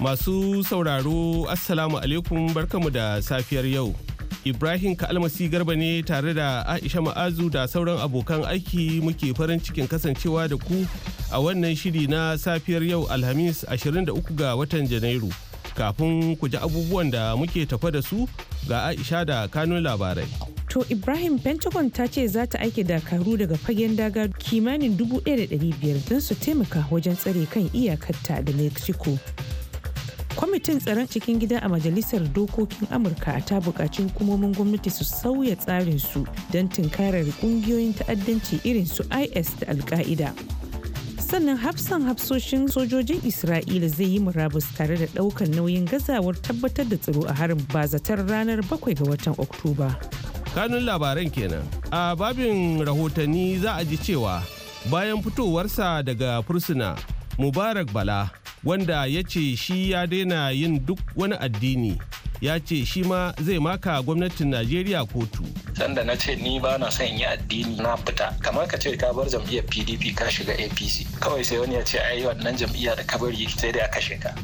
Masu sauraro Assalamu alaikum barkamu da safiyar yau. Ibrahim ka'almasi Garba ne tare da Aisha Ma'azu da sauran abokan aiki muke farin cikin kasancewa da ku a wannan shiri na safiyar yau Alhamis 23 ga watan Janairu. Kafin ku ji abubuwan da muke tafa da su ga Aisha da kanun labarai. To Ibrahim Pentagon ta ce za ta aike dakaru daga fagen daga kimanin 1,500 don su taimaka wajen tsare kan iyakarta da Mexico. kwamitin tsaron cikin gida a majalisar dokokin amurka a ta buƙaci hukumomin gwamnati su sauya tsarin su don tunkarar ƙungiyoyin ta'addanci irin su is da alka'ida sannan hafsan hafsoshin sojojin isra'ila zai yi murabus tare da ɗaukar nauyin gazawar tabbatar da tsaro a harin bazatar ranar 7 ga watan oktoba kanun labaran kenan a babin rahotanni za a ji cewa bayan fitowarsa daga fursuna mubarak bala wanda ya ce shi ya daina yin duk wani addini ya ce shi ma zai maka gwamnatin najeriya kotu sanda na ce ni ba na son yi addini na fita kamar ka ce ka bar jam'iyyar pdp ka shiga apc kawai sai wani ya ce ai wannan jam'iyya da ka bari sai dai aka shiga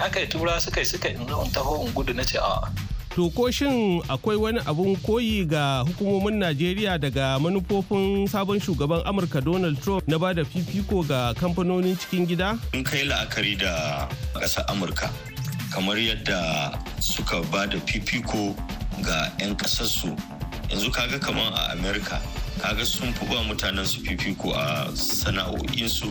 aka yi tura suka yi suka in nuna in taho in gudu na ce a To ko shin akwai wani abun koyi ga hukumomin Najeriya daga manufofin sabon shugaban Amurka Donald Trump na bada fifiko ga kamfanonin cikin gida? In kai la'akari da ƙasa Amurka, kamar yadda suka ba da fifiko ga 'yan ƙasarsu, yanzu kaga kamar a Amerika kaga sun fi ba mutanen su fifiko a sana'o'insu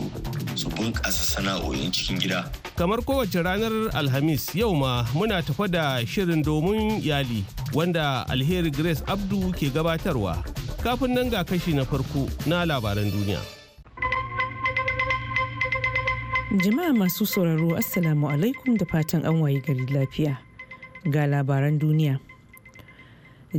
su bunƙasa sana'o'in cikin gida kamar kowace ranar alhamis yau ma muna tafa da shirin domin yali wanda alheri grace abdu ke gabatarwa kafin nan ga kashi na farko na labaran duniya jama'a masu sauraro assalamu alaikum da fatan an waye gari lafiya ga labaran duniya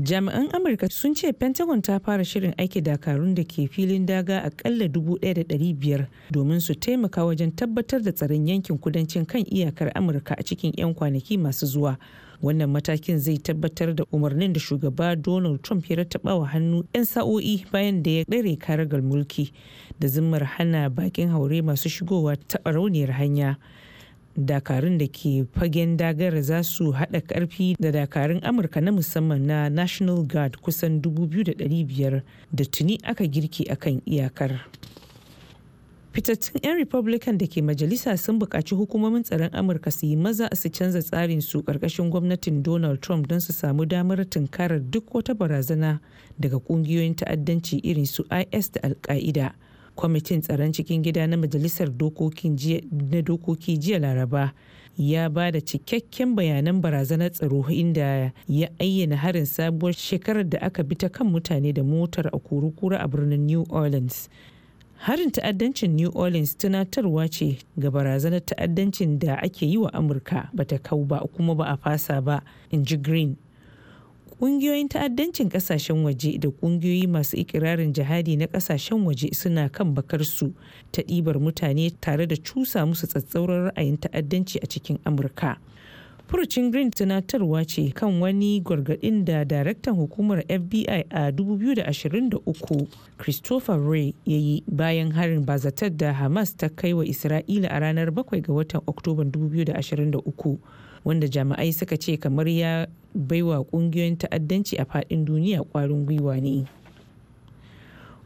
jami'an amurka sun ce pentagon ta fara shirin aiki dakarun da ke filin daga akalla 1,500 domin su taimaka wajen tabbatar da tsaron yankin kudancin kan iyakar amurka a cikin 'yan kwanaki masu zuwa wannan matakin zai tabbatar da umarnin da shugaba donald trump ya rataɓa wa hannu 'yan sa'o'i bayan da ya ɗare karagar mulki da zimmar hana bakin haure masu shigowa ta rauniyar hanya dakarun da ke fagen dagara za su hada karfi da dakarun amurka na musamman na national guard kusan 2,500 da tuni aka girki akan iyakar fitattun 'yan republican da ke majalisa sun buƙaci hukumomin tsaron amurka su yi maza su canza tsarin su ƙarƙashin gwamnatin donald trump don su samu damar tunkarar duk wata barazana daga ƙungiyoyin ta'addanci irin su is da alka'ida kwamitin tsaron cikin gida na majalisar dokoki jiya laraba ya ba da cikakken bayanan barazanar tsaro inda ya ayyana harin sabuwar shekarar da aka bi ta kan mutane da motar a kurukura a birnin new orleans harin ta'addancin new orleans tunatarwa ce ga barazanar ta'addancin da ake yi wa amurka bata kau ba kuma ba a fasa ba in ji green kungiyoyin ta'addancin kasashen waje da kungiyoyi masu ikirarin jihadi na kasashen waje suna kan bakarsu ta ɗibar mutane tare da cusa musu tsatsauran ra'ayin ta'addanci a cikin amurka furucin green tunatarwa ce kan wani gwargadin da daraktan hukumar fbi a 2023 christopher ray ya yi bayan harin bazatar da hamas ta kai wa isra'ila a ranar 7 ga watan oktoba 2023 wanda jami'ai suka ce kamar ya baiwa kungiyoyin ta'addanci a faɗin duniya kwarin gwiwa ne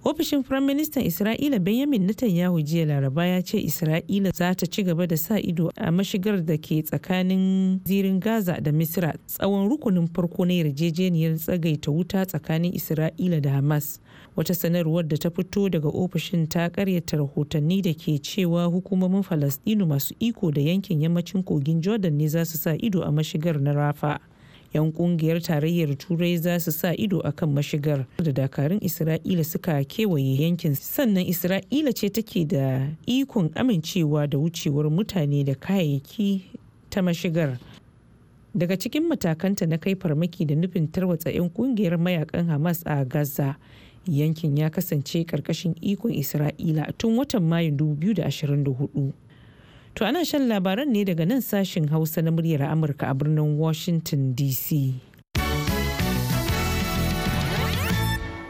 ofishin firaministan isra'ila benjamin netanyahu jiya laraba ya ce isra'ila za ta ci gaba da sa ido a mashigar da ke tsakanin zirin gaza da misra tsawon rukunin farko na yarjejeniyar tsagaita wuta tsakanin isra'ila da hamas wata sanarwar da ta fito daga ofishin ta karyata rahotanni da ke cewa hukumomin falastinu masu iko da yankin yammacin kogin jordan ne za su sa ido a mashigar na rafa yan kungiyar tarayyar turai za su sa ido a kan mashigar da dakarun isra'ila suka kewaye yankin sannan isra'ila ce take da ikon amincewa da wucewar mutane da kayayyaki ta mashigar daga cikin matakanta na kai farmaki da nufin tarwatsa 'yan kungiyar mayakan hamas a gaza yankin ya kasance karkashin ikon isra'ila tun watan mayun 2024 to ana shan labaran ne daga nan sashen hausa na muryar amurka a birnin washington dc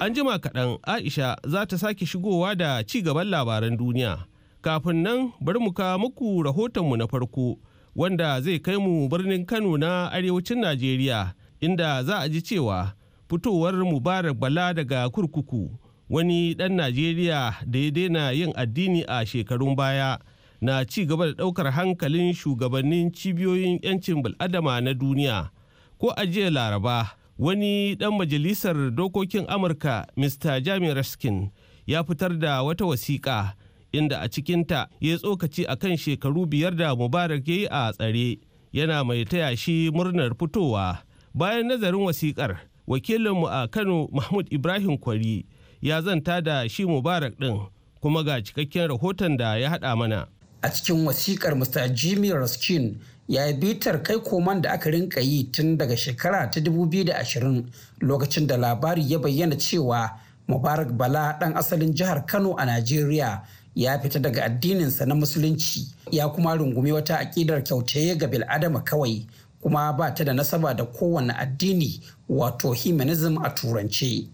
an jima kaɗan aisha za ta sake shigowa da ci gaban labaran duniya kafin nan bari mu ka muku rahotonmu na farko wanda zai kai mu birnin kano na arewacin najeriya inda za a ji cewa fitowar mubarak bala daga kurkuku wani ɗan najeriya da ya daina yin addini a shekarun baya na ci gaba da ɗaukar hankalin shugabannin cibiyoyin 'yancin bil'adama na duniya ko a jiya laraba wani ɗan majalisar dokokin amurka mr jami raskin ya fitar da wata wasiƙa inda a cikinta ya tsokaci a kan shekaru biyar da mubarak ya yi a tsare yana mai taya shi murnar fitowa bayan nazarin wasiƙar wakilinmu a kano mahmud ibrahim kwari ya zanta da shi mubarak din kuma ga cikakken rahoton da ya haɗa mana a cikin wasikar mr jimmy raskin ya yi bitar kai koman da aka rinka yi tun daga shekara ta 2020 lokacin da labari ya bayyana cewa mubarak bala ɗan asalin jihar kano a najeriya ya fita daga addininsa na musulunci ya kuma rungumi wata aƙidar kyautaye ga bil'adama kawai kuma ba ta da nasaba da kowane addini wato humanism a Turance.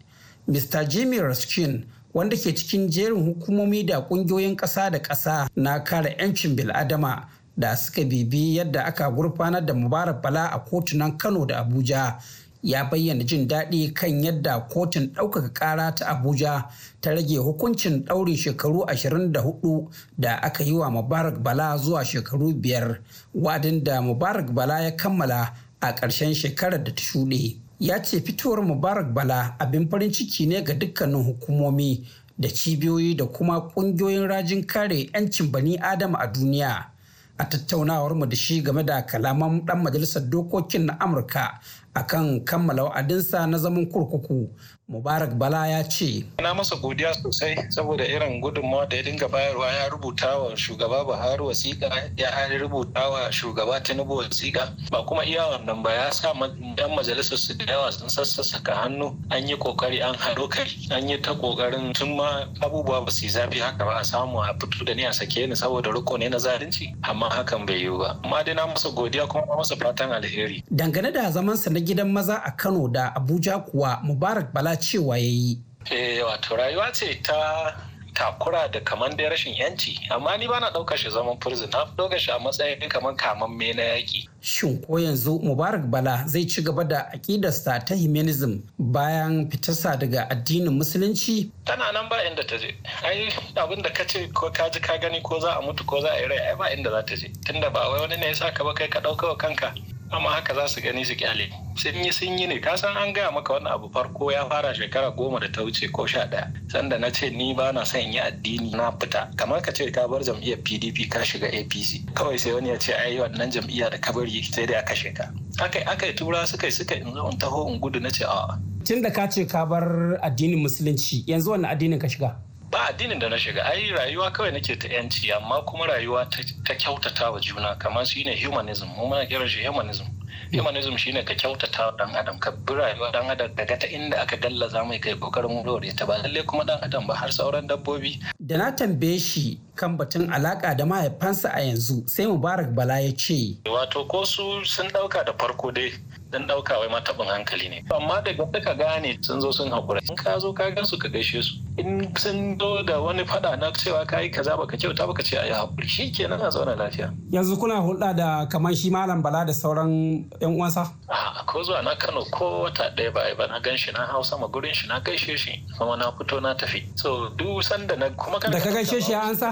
mr jimmy ruskin wanda ke cikin jerin hukumomi da kungiyoyin ƙasa da ƙasa na kare 'yancin bil'adama da suka bibi yadda aka gurfanar da mubarak bala a kotunan kano da abuja ya bayyana jin daɗi kan yadda kotun ɗaukaka ƙara ta abuja ta rage hukuncin ɗaure shekaru 24 da aka yi wa mubarak bala zuwa shekaru biyar wadin da mubarak bala ya kammala a ƙarshen shekarar da ta shuɗe ya ce fitowar mubarak bala abin farin ciki ne ga dukkanin hukumomi da cibiyoyi da kuma kungiyoyin rajin kare 'yancin bani adam a duniya a tattaunawarmu da shi game da kalaman dan majalisar dokokin na amurka akan kammala wa'adinsa na zaman kurkuku Mubarak Bala ya ce. Na masa godiya sosai saboda irin gudunmawa da ya dinga bayarwa ya rubuta wa shugaba Buhari wasiƙa ya rubuta wa shugaba Tinubu wasiƙa ba kuma iya wannan ba ya sa yan majalisar su da yawa sun sassaka hannu an yi kokari an haro kai an yi ta kokarin tun ma abubuwa ba su zafi haka ba a samu a fito da ni a sake ni saboda riko ne na zalunci amma hakan bai yiwu ba amma dai na masa godiya kuma na masa fatan alheri. Dangane da sa na gidan maza a Kano da Abuja kuwa Mubarak Bala cewa ya yi. Eh, wato rayuwa ce ta takura da kamar dai rashin yanci amma ni bana ɗaukar shi zaman prison na ɗaukar shi a matsayin kamar kamamme na yaƙi. Shin ko yanzu Mubarak Bala zai ci gaba da aƙidarsa ta humanism bayan fitarsa daga addinin musulunci? Tana nan ba inda ta je. Ai abin da ka ce ko ka ji ka gani ko za a mutu ko za a yi rai ai ba inda za ta je. Tunda ba wai wani ne ya ka ba kai ka ɗauka wa kanka. amma haka za su gani su kyale sun yi sun yi ne ka san an gaya maka wani abu farko ya fara shekara goma da ta wuce ko sha ɗaya sanda na ce ni ba na son yi addini na fita kamar ka ce ka bar jam'iyyar pdp ka shiga apc kawai sai wani ya ce ai wannan jam'iyya da ka bari sai dai a kashe ka aka aka tura suka suka in zo in taho in gudu na ce a'a tun da ka ce ka bar addinin musulunci yanzu wani addinin ka shiga ba addinin da na shiga ai rayuwa kawai nake ta yanci amma kuma rayuwa ta kyautata wa juna kamar shi ne humanism mu muna kiran shi humanism humanism shine ka kyautata wa dan adam ka bi rayuwa dan adam daga ta inda aka dallaza mai kai kokarin dore ta ba lalle kuma dan adam ba har sauran dabbobi da na tambaye shi kan batun alaka da mahaifansa a yanzu sai mubarak bala ya ce wato ko su sun dauka da farko dai dan dauka wai matabin hankali ne amma daga ka gane sun zo sun hakura in ka zo ka gan su ka gaishe su in sun zo da wani fada na cewa ka yi kaza baka kyauta baka ce ayi hakuri haƙuri shi a zauna lafiya. yanzu kuna hulɗa da kamar shi malam bala da sauran yan uwansa. a ko zuwa na kano ko wata ɗaya ba ba na gan shi na hausa ma gurin shi na gaishe shi kuma na fito na tafi so duk sanda na kuma da ka gaishe shi an sa.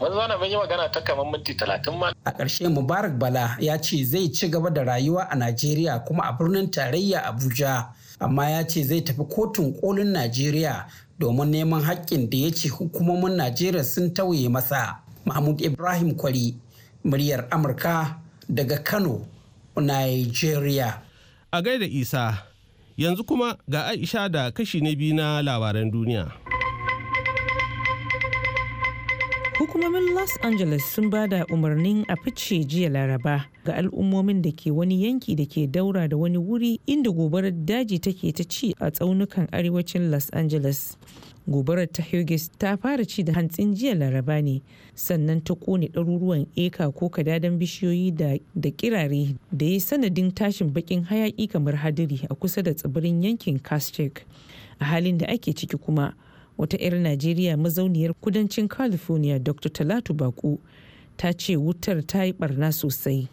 mun zauna mun yi magana ta kamar minti talatin ma. a ƙarshe mubarak bala ya ce zai ci gaba da rayuwa a najeriya kuma a birnin tarayya abuja. amma ya ce zai tafi kotun kolin najeriya domin neman haƙƙin da ya ce hukumomin najeriya sun tauye masa mahmud ibrahim kwari muryar amurka daga kano nigeria a gaida isa yanzu kuma ga aisha da kashi na biyu na labaran duniya Hukumomin Los Angeles sun ba da umarnin a fice jiya Laraba ga al'ummomin da ke wani yanki da ke daura da wani wuri inda gobarar daji take ta ci a tsaunukan arewacin Los Angeles. Gobarar ta Hughes ta fara ci da hantsin jiya Laraba ne, sannan ta kone ɗaruruwan eka ko kadadan bishiyoyi da kirare da ya sanadin tashin bakin hayaki kamar hadiri a kusa da tsibirin yankin Castric. A halin da ake ciki kuma, wata 'yar najeriya mazauniyar kudancin california dr talatu baku ta ce wutar ta yi barna sosai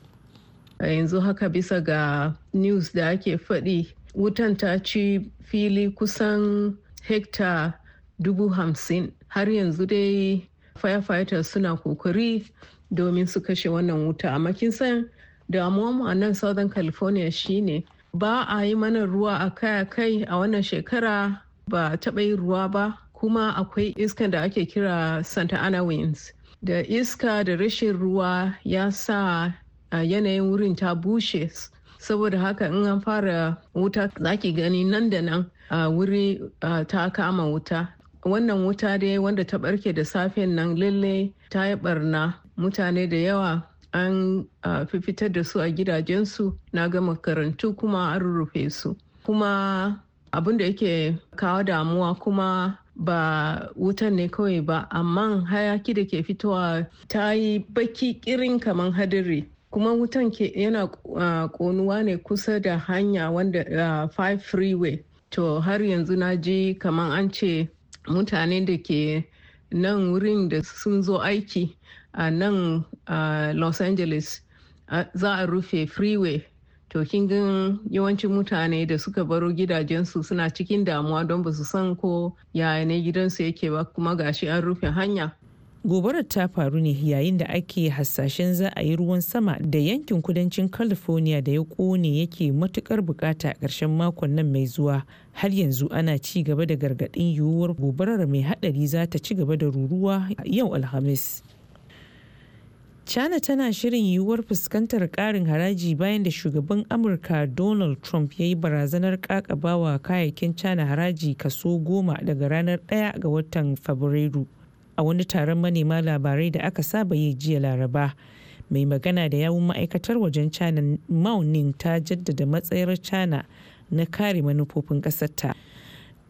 a yanzu haka bisa ga news da ake faɗi wutan ta ci fili kusan hekta dubu hamsin har yanzu dai firefighters suna kokari domin su kashe wannan wuta amma kin san damuwa mu a nan southern california shine ba a yi mana ruwa a kai a kai a wannan shekara ba taɓa yin ruwa ba kuma akwai iskan da ake kira santa ana winds da iska da rashin ruwa ya sa yanayin wurin ta bushe saboda haka in an fara wuta zaki gani nan da nan wuri ta kama wuta wannan wuta dai wanda ta barke da safen nan lalle ta yi barna mutane da yawa an fifitar da su a gidajensu na ga makarantu kuma an rurrufe su kuma abin da yake kawo damuwa kuma ba wutan ne kawai ba amma hayaki da ke fitowa ta yi baki kirin kamar hadiri kuma wutan ke yana konuwa ne kusa da hanya wanda a five freeway to har yanzu na ji kamar an ce mutane da ke nan wurin da sun zo aiki a nan los angeles za a rufe freeway to kin gan yawancin mutane da suka baro gidajensu suna cikin damuwa don ba su san ko yaya ne gidansu yake ba kuma gashi an rufe hanya gobarar ta faru ne yayin da ake hasashen za a yi ruwan sama da yankin kudancin california da ya kone yake matukar bukata a ƙarshen makon nan mai zuwa har yanzu ana ci gaba da gargaɗin yiwuwar gobarar mai haɗari za ta ci gaba da ruruwa yau alhamis China tana shirin yiwuwar fuskantar karin haraji bayan da shugaban Amurka Donald Trump ya yi barazanar ƙaƙabawa kayayyakin China haraji kaso goma daga ranar 1 ga watan Fabrairu. A wani taron manema labarai da aka saba yi jiya Laraba, mai magana da yawun ma'aikatar wajen China maunin ta jaddada matsayar China na kare manufofin ƙasarta.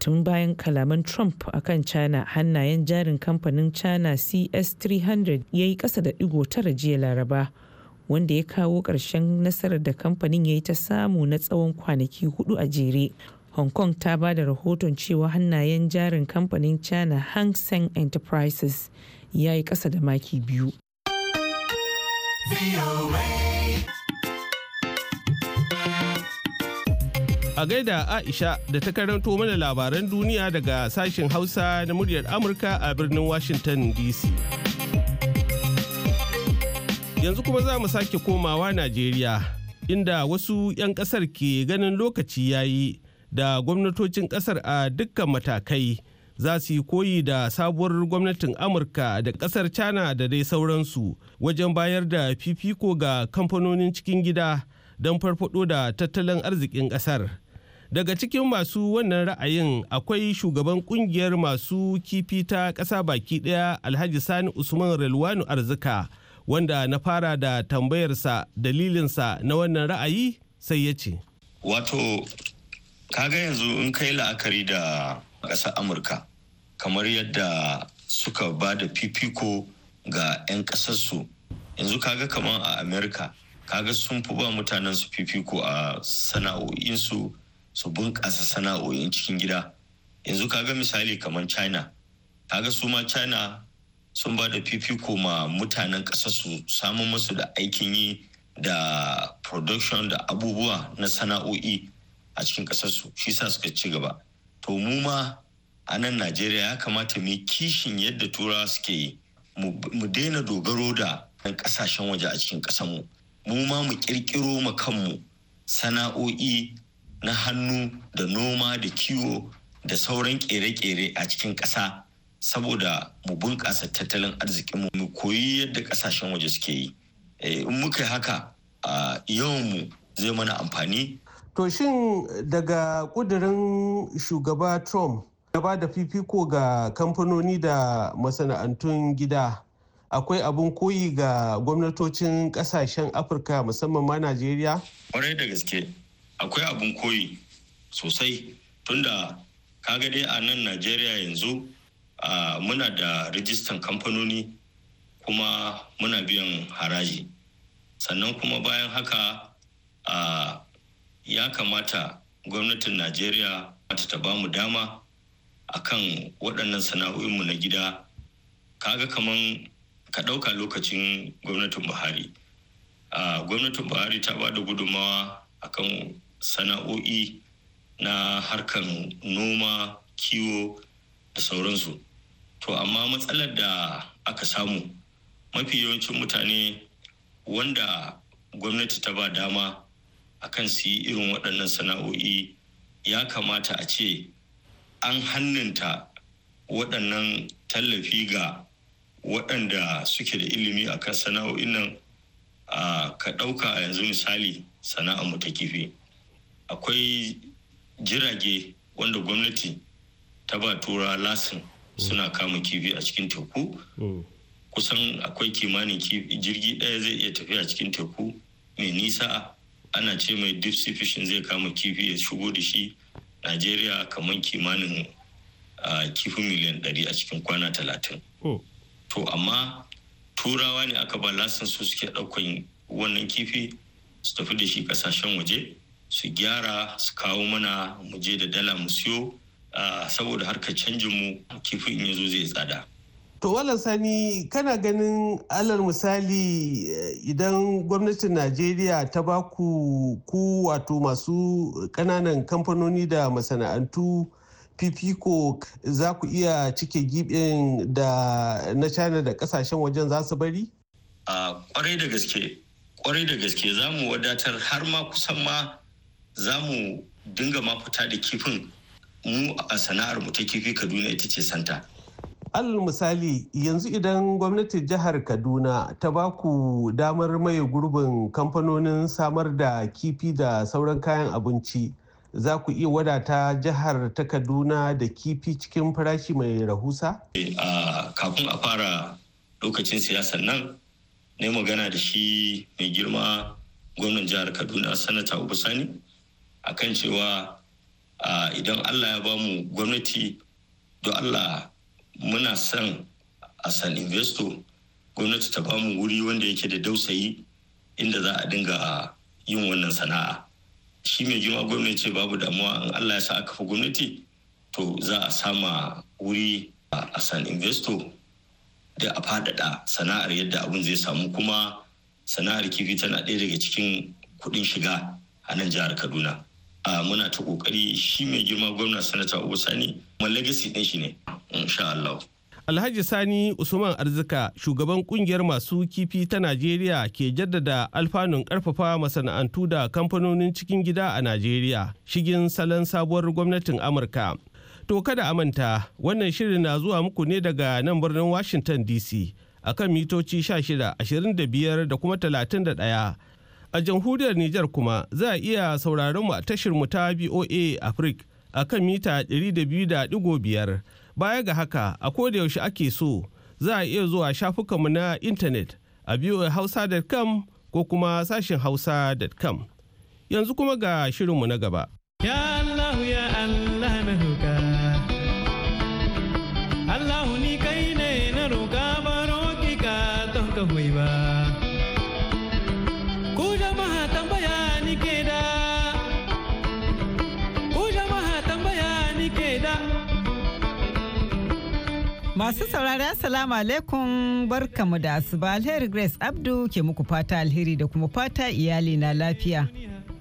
tun bayan kalaman trump a kan china hannayen jarin kamfanin china cs300 ya yi kasa da digo tara jiya laraba wanda ya kawo ƙarshen nasarar da kamfanin ya yi ta samu na tsawon kwanaki hudu a jere hong kong ta ba da rahoton cewa hannayen jarin kamfanin china hang seng enterprises ya yi kasa da maki biyu a gaida Aisha da ta karanto mana labaran duniya daga sashen Hausa na muryar Amurka a birnin Washington DC. Yanzu kuma za mu sake komawa Najeriya, inda wasu 'yan ƙasar ke ganin lokaci yayi da gwamnatocin ƙasar a dukkan matakai za su yi koyi da sabuwar gwamnatin Amurka da ƙasar China da dai sauransu wajen bayar da fifiko ga kamfanonin cikin gida. don farfado da tattalin arzikin ƙasar daga cikin masu wannan ra'ayin akwai shugaban kungiyar masu kifi ta ƙasa baki ɗaya alhaji sani usman relwanu arzika wanda na fara da tambayarsa dalilinsa na wannan ra'ayi sai ya ce wato kaga yanzu in kai la'akari da ƙasar amurka kamar yadda suka ba da fifiko ga 'yan ƙasarsu yanzu kaga kamar a amurka kaga sun fi ba mutanen su fifiko a sana'o'insu su bunƙasa sana'o'in cikin gida yanzu kaga misali kamar china kaga su ma china sun ba da fifiko ma mutanen ƙasa su samun musu da aikin yi da production da abubuwa na sana'o'i a cikin ƙasarsu shi sa suka ci gaba to mu ma a nan najeriya ya kamata mu kishin yadda turawa suke yi mu daina dogaro da ƙasashen waje a cikin ƙasarmu mu ma mu ƙirƙiro ma kanmu sana'o'i na hannu da noma da kiwo da sauran kere-kere a cikin ƙasa saboda mu bunƙasa tattalin arzikinmu mu koyi yadda ƙasashen waje suke yi eh, in muka haka yawanmu zai mana amfani to shin daga ƙudurin shugaba trump gaba da fifiko ga kamfanoni da masana'antun gida akwai abin koyi ga gwamnatocin ƙasashen afirka musamman ma najeriya kwarai da gaske akwai abin koyi sosai tunda kaga dai a nan najeriya yanzu muna da rijistan kamfanoni kuma muna biyan haraji sannan kuma bayan haka ya kamata gwamnatin najeriya ta ba mu dama akan waɗannan mu na gida kaga kaman ka ɗauka lokacin gwamnatin buhari gwamnatin buhari ta ba da gudunmawa akan sana'o'i na harkar noma kiwo da sauransu to amma matsalar da aka samu mafi yawancin mutane wanda gwamnati ta ba dama akan su yi irin waɗannan sana'o'i ya kamata a ce an hannunta waɗannan tallafi ga waɗanda suke da ilimi akan sana'o'in nan a ah, ka ɗauka a yanzu misali sana'a mu ta kife. akwai jirage wanda gwamnati ta ba tura lasin suna kama kifi a cikin teku kusan akwai kimanin jirgi ɗaya zai iya tafiya cikin teku mai nisa ana ce mai deep sea fishing zai kama kifi ya shigo da shi najeriya kamar kimanin kifi miliyan ɗari a cikin kwana talatin oh. to amma turawa ne aka ba lasin su suke ɗaukan wannan kifi su tafi da shi kasashen waje su gyara su kawo mana mu je da dala mu siyo saboda harkar canjin mu kifin in yazo zai tsada To wala sani kana ganin alal misali eh, idan gwamnatin Najeriya ta baku ku wato masu kananan kamfanoni da masana'antu fifiko za ku iya cike gibin da na China da kasashen wajen za su bari? A kwarai da gaske, kwarai da gaske za mu wadatar har ma kusan ma za mu dinga mafita da kifin mu a sana'ar mu ta kifi kaduna ita ce santa alal misali yanzu idan gwamnatin jihar kaduna ta ba ku damar maye gurbin kamfanonin samar da kifi da sauran kayan abinci za ku iya wadata jihar ta kaduna da kifi cikin farashi mai rahusa? Eh, kafin a fara lokacin siyasan nan ne magana da shi mai girma gwamnan jihar kaduna sanata sani a kan cewa idan Allah ya ba mu gwamnati don Allah muna son a san investor gwamnati ta ba mu wuri wanda yake da dausayi inda za a dinga yin wannan sana'a shi mai girma gwamnati ce babu damuwa in Allah ya sa aka fi gwamnati to za a sama wuri a san investor da a faɗaɗa sana'ar yadda abun zai samu kuma sana'ar kifi tana ɗaya daga cikin kuɗin shiga a nan jihar kaduna Ah, muna ta kokari shi mai girma gwamna sanata ubu Sani kuma legacy din shi ne insha Allah. Alhaji Sani Usman Arzika shugaban kungiyar masu kifi ta Najeriya ke jaddada alfanun karfafa masana'antu da kamfanonin cikin gida a Najeriya shigin salon sabuwar gwamnatin Amurka. To kada a manta wannan shirin na zuwa muku ne daga nan birnin Washington DC akan mitoci 16, 25 da kuma 31. A jamhuriyar Nijar kuma za a iya sauraron mu a tashar mu ta BOA Africa a kan mita 200.5. Baya ga haka a koda yaushe ake so za a iya zuwa shafukanmu na intanet a voahausa.com ko kuma sashin hausa.com. Yanzu kuma ga shirinmu na gaba. Yeah! Masu saurari Assalamu alaikum barkamu da asuba alheri Grace Abdu ke muku fata alheri da kuma fata iyali na lafiya.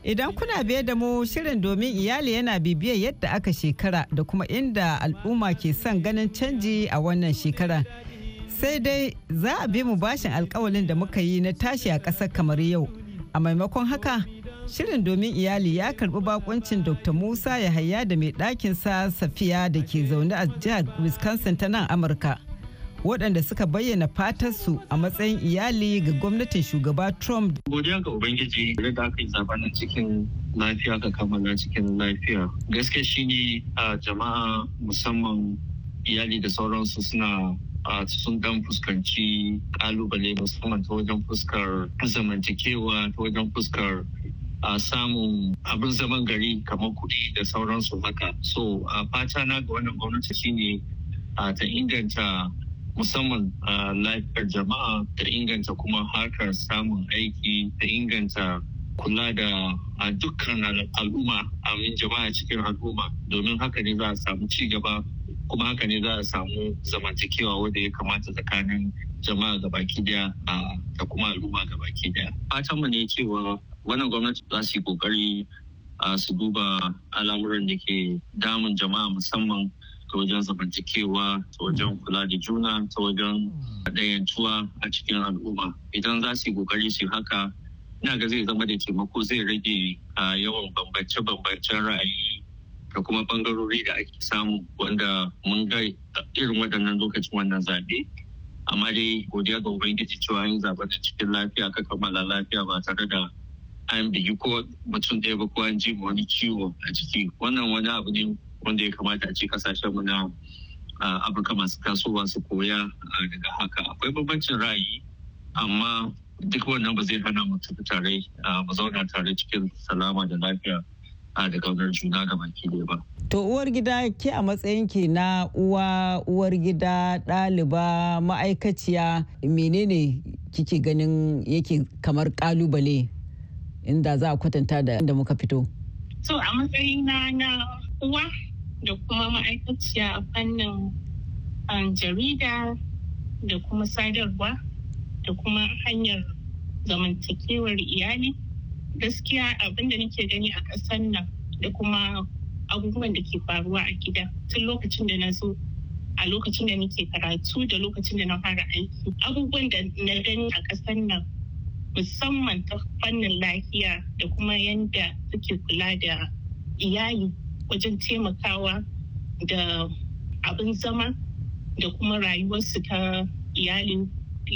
Idan kuna biye da mu shirin domin iyali yana bibiyar yadda aka shekara da kuma inda al'umma ke son ganin canji a wannan shekara, sai dai za a bi mu bashin alkawalin da muka yi na tashi a ƙasar kamar yau a maimakon haka Shirin domin iyali ya karbi bakoncin Dr. Musa Yahaya da mai ɗakin sa Safiya da ke zaune a jihar Wisconsin ta nan Amurka. waɗanda suka bayyana su a matsayin iyali ga gwamnatin shugaba Trump. Godiya ga Ubangiji da aka yi zaben cikin lafiya ka kammala cikin lafiya. Gaske shine a jama'a musamman iyali da sauransu suna a sun dan fuskanci kalubale musamman ta wajen fuskar zamantakewa ta wajen fuskar a samun abin zaman gari kamar kuɗi da sauransu haka so a fata na ga wannan gwamnati shine ta inganta musamman lafiyar jama'a Ta inganta kuma harkar samun aiki Ta inganta kula da a dukkan al'umma amin jama'a cikin al'umma domin haka ne za a samu ci gaba kuma haka ne za a samu zamantakewa wanda ya kamata tsakanin jama'a gabaki daya da kuma al'umma gabaki daya fatanmu ne cewa wannan gwamnati za su yi kokari su duba al'amuran da ke damun jama'a musamman ta wajen zamantakewa ta wajen kula da juna ta wajen ɗayantuwa a cikin al'umma idan za su yi kokari su haka ina ga zai zama da taimako zai rage yawan bambance-bambancen ra'ayi da kuma bangarori da ake samu wanda mun ga irin waɗannan lokacin wannan zaɓe amma dai godiya ga ubangiji cewa yin zaɓen cikin lafiya ka kammala lafiya ba tare da an bigi ko mutum ɗaya ba ko an ji wani ciwo a ciki wannan wani abu ne wanda ya kamata a ci kasashen mu na afirka masu kasuwa su koya daga haka akwai bambancin ra'ayi amma duk wannan ba zai hana mu tafi tare mu zauna tare cikin salama da lafiya a da kaunar juna ga baki ɗaya ba. To uwar gida ke a matsayin ki na uwa uwar gida ɗaliba ma'aikaciya menene kike ganin yake kamar ƙalubale inda za a kwatanta da inda muka fito? So a matsayin na uwa da kuma ma'aikaciya a fannin um, jarida da kuma sadarwa da kuma hanyar zamantakewar iyali gaskiya abin da nake gani a ƙasar nan da kuma abubuwan da ke faruwa a gida tun lokacin da na zo a lokacin da nake karatu da lokacin da na fara aiki abubuwan da na gani a ƙasar nan musamman ta fannin lafiya da kuma yadda suke kula da iyali wajen taimakawa da abin zama da kuma rayuwarsu ta iyali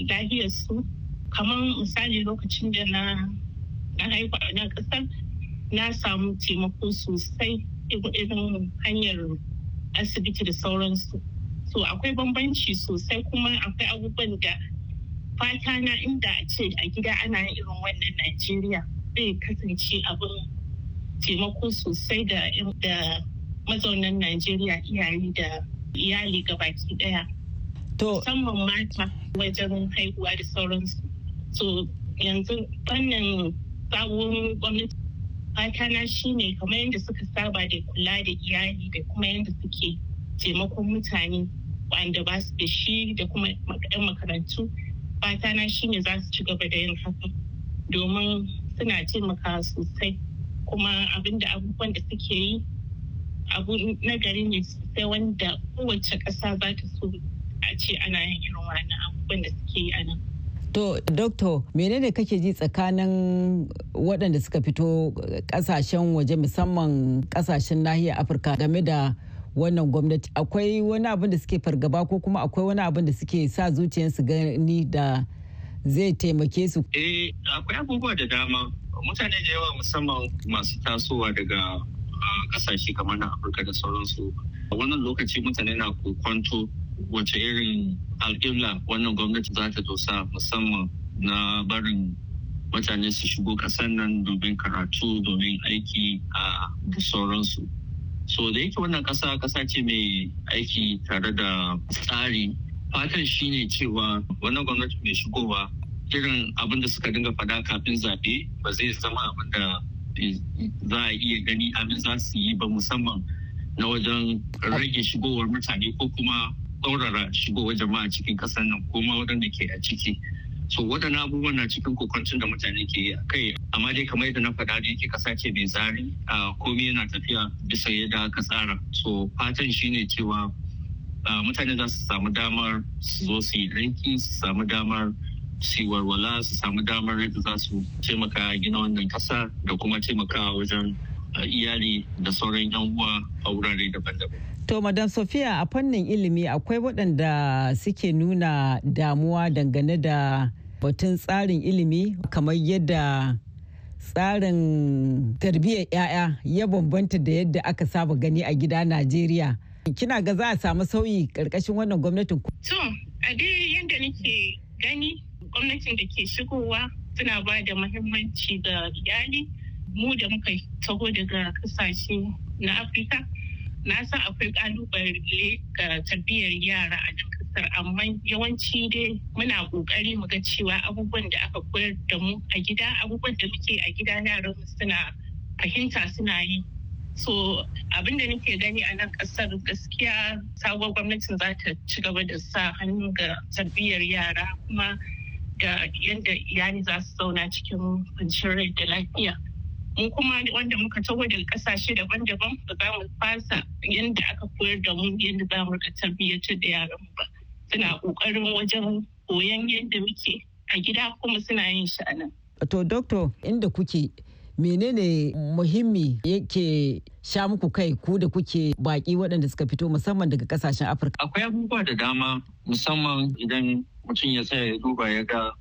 lafiyarsu kamar misali lokacin da na na haifa a nan ƙasar na samu taimako sosai irin hanyar asibiti da sauransu so akwai bambanci sosai kuma akwai abubuwan da fata na inda a ce a gida ana irin wannan najeriya zai kasance abin taimako sosai da mazaunan najeriya iyali da iyali gabaki daya musamman mata wajen haihuwa da sauransu so yanzu fannin sabon gwamnati fata na shine kamar yadda suka saba da kula da iyali da kuma yadda suke taimakon mutane wanda ba su da shi da kuma 'yan makarantu fatana na shine za su ci gaba da yin haka domin suna taimaka sosai kuma abin da abubuwan da suke yi abu nagari ne sosai wanda kowace ƙasa za ta so a ce ana yin irin wani abubuwan da suke yi a nan. To, Dokto, menene kake ji tsakanin waɗanda suka fito ƙasashen waje musamman ƙasashen nahiyar Afirka game da wannan gwamnati akwai wani abin da suke fargaba ko kuma akwai wani abin da suke sa zuciyarsu gani da zai taimake su eh akwai abubuwa da dama mutane da yawa musamman masu tasowa daga kasashe kamar na afirka da sauransu a wannan lokaci mutane na kokonto wace irin alƙibla wannan gwamnati za ta dosa musamman na barin mutane su shigo kasan nan domin karatu domin aiki da sauransu so da yake wannan kasa ƙasa ce mai aiki tare da tsari fatan shine cewa wannan gwamnati mai shigowa irin abin da suka dinga fada kafin zaɓe ba zai zama abin da za a iya gani abin za su yi ba musamman na wajen rage shigowar mutane ko kuma ɗaurara shigowar jama'a cikin ƙasar nan ko ma waɗanda ke a ciki so waɗannan abubuwan na cikin kokoncin da mutane ke yi kai amma dai kamar yadda na faɗa da yake kasa ce mai tsari a komai yana tafiya bisa yadda aka tsara so fatan shine cewa mutane za su samu damar su zo su yi aiki su samu damar su warwala su samu damar yadda za su taimaka gina wannan kasa da kuma taimakawa wajen A iyali da sauran yan uwa a wurare daban-daban. To Madam Sophia a fannin ilimi akwai waɗanda suke nuna damuwa dangane da batun tsarin ilimi kamar yadda tsarin tarbiyyar 'ya'ya ya bambanta da yadda aka saba gani a gida Najeriya. Kina ga za a samu sauyi ƙarƙashin wannan gwamnatin ku? To, a dai yadda nake gani gwamnatin da ke shigowa suna ba da muhimmanci ga iyali. mu da muka taho daga kasashe na afirka na san akwai kalubale ga tarbiyyar yara a nan kasar amma yawanci dai muna kokari mu ga cewa abubuwan da aka koyar da mu a gida abubuwan da muke a gida yaran suna fahimta suna yi so abin da nake gani a nan kasar gaskiya sabuwar gwamnatin za ta ci gaba da sa hannu ga tarbiyyar yara kuma da yadda iyali za su zauna cikin kwanciyar da lafiya. mu kuma wanda muka taho daga kasashe daban-daban ba za mu fasa yadda aka koyar da mu yadda za mu rika da yaran mu ba suna kokarin wajen koyan yadda muke a gida kuma suna yin shi a nan. to doctor inda kuke menene muhimmi yake sha muku kai ku da kuke baki waɗanda suka fito musamman daga kasashen afirka akwai abubuwa da dama musamman idan mutum ya tsaya ya duba ya ga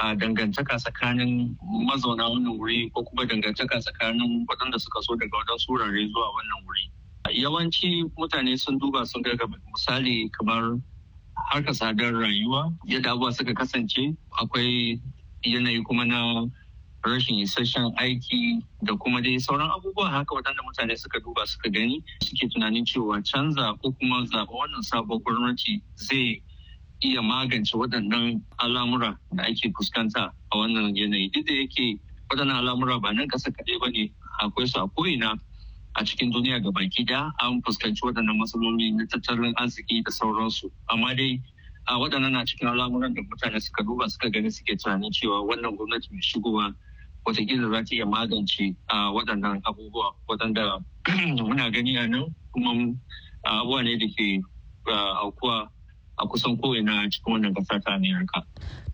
a dangantaka tsakanin mazauna wannan wuri ko kuma dangantaka tsakanin waɗanda suka so daga wajen surare zuwa wannan wuri yawanci mutane sun duba sun ga misali kamar harkar sadar rayuwa yadda abuwa suka kasance akwai yanayi kuma na rashin isasshen aiki da kuma dai sauran abubuwa haka waɗanda mutane suka duba suka gani suke tunanin cewa canza ko kuma zaɓa wannan sabon gwamnati zai iya magance waɗannan al'amura da ake fuskanta a wannan yanayi duk da yake waɗannan al'amura ba nan ƙasa kaɗai ba ne akwai su a ko'ina a cikin duniya ga baki da an fuskanci waɗannan matsaloli na tattalin arziki da sauransu amma dai a waɗannan na cikin al'amuran da mutane suka duba suka gani suke tunanin cewa wannan gwamnati mai shigowa watakila za ta iya magance waɗannan abubuwa waɗanda muna gani a nan kuma abubuwa ne da ke aukuwa a kusan ko'ina cikin wannan kasar ta Amerika.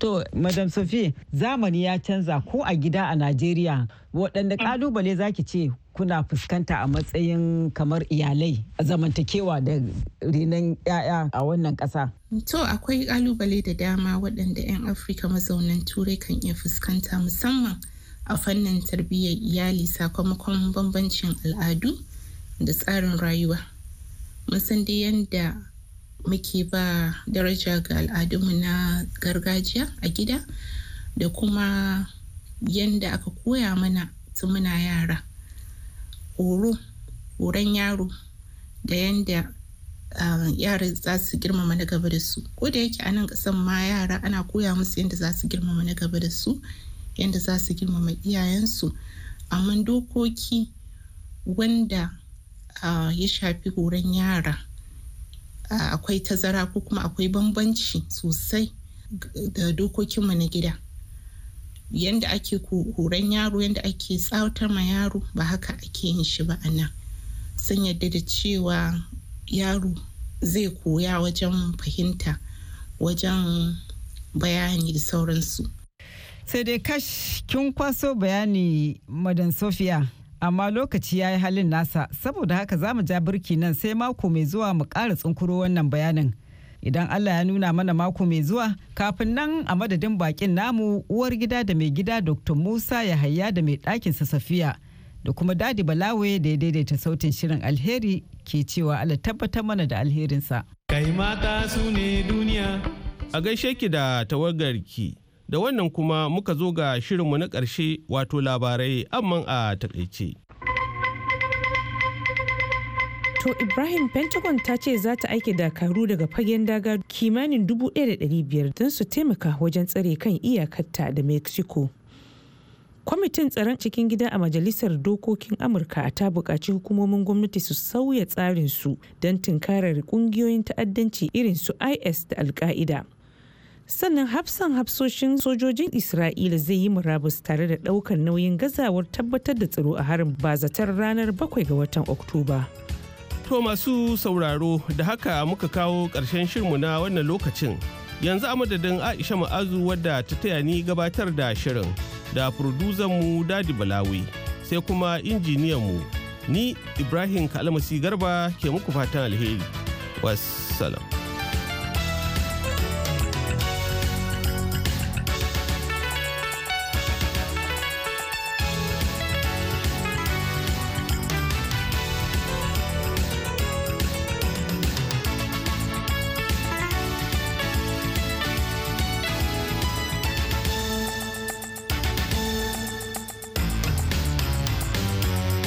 To, Madam Sophie, zamani ya canza ko a gida a Najeriya, waɗanda mm. ƙalubale za ki ce kuna fuskanta a matsayin kamar iyalai a zamantakewa da renon 'ya'ya a wannan ƙasa? To, akwai ƙalubale da dama waɗanda 'yan Afirka mazaunan Turai kan iya fuskanta musamman a fannin tarbiyyar iyali sakamakon bambancin al'adu da tsarin rayuwa. Mun san dai yadda muke ba daraja ga al'adunmu na gargajiya a gida da kuma yadda aka koya mana tun muna yara horo horon yaro da yadda ah, yaran za su girmama na gaba da su ko da yake a nan kasan ma yara ana koya musu yadda za su girmama na gaba da su yadda za su girmama iyayensu amma dokoki wanda ah, ya shafi horon yara akwai tazara ko kuma akwai bambanci sosai da dokokinmu na gida yadda ake horon yaro yadda ake tsawatar ma yaro ba haka ake yin shi ba a nan sun yadda da cewa yaro zai koya wajen fahimta wajen bayani da sauransu sai dai kash kin kwaso bayani madan sofiya amma lokaci ya yi halin nasa saboda haka za mu ja birki nan sai mako mai zuwa mu ƙara tsunkuro wannan bayanin idan allah ya nuna mana mako mai zuwa kafin nan a madadin bakin namu uwar gida da mai gida dr musa ya yahaya da mai ɗakinsa safiya da kuma dadi balawe da ya daidaita sautin shirin alheri ke cewa allah tabbatar mana da alherinsa kai mata su ne duniya a gaishe ki da tawagar ki. da wannan kuma muka zo ga shirinmu na ƙarshe wato labarai amma a takaice. To Ibrahim Pentagon ta ce za ta aike dakaru daga fagen daga kimanin 1,500 don su taimaka wajen tsare kan iyakarta da Mexico. Kwamitin tsaron cikin gida a Majalisar Dokokin Amurka ta buƙaci hukumomin gwamnati su sauya tsarin su don tunkarar ƙungiyoyin ta'addanci irin su IS da Al-Qaida. sannan hafsan hafsoshin sojojin isra'ila zai yi murabus tare da ɗaukar nauyin gazawar tabbatar da tsaro a harin bazatar ranar 7 ga watan oktoba to masu sauraro da haka muka kawo ƙarshen shirmu na wannan lokacin yanzu a madadin aisha ma'azu wadda ta taya ni gabatar da shirin da mu dadi balawi sai kuma injiniyan mu ni ibrahim kalmasi garba ke muku fatan alheri wassalam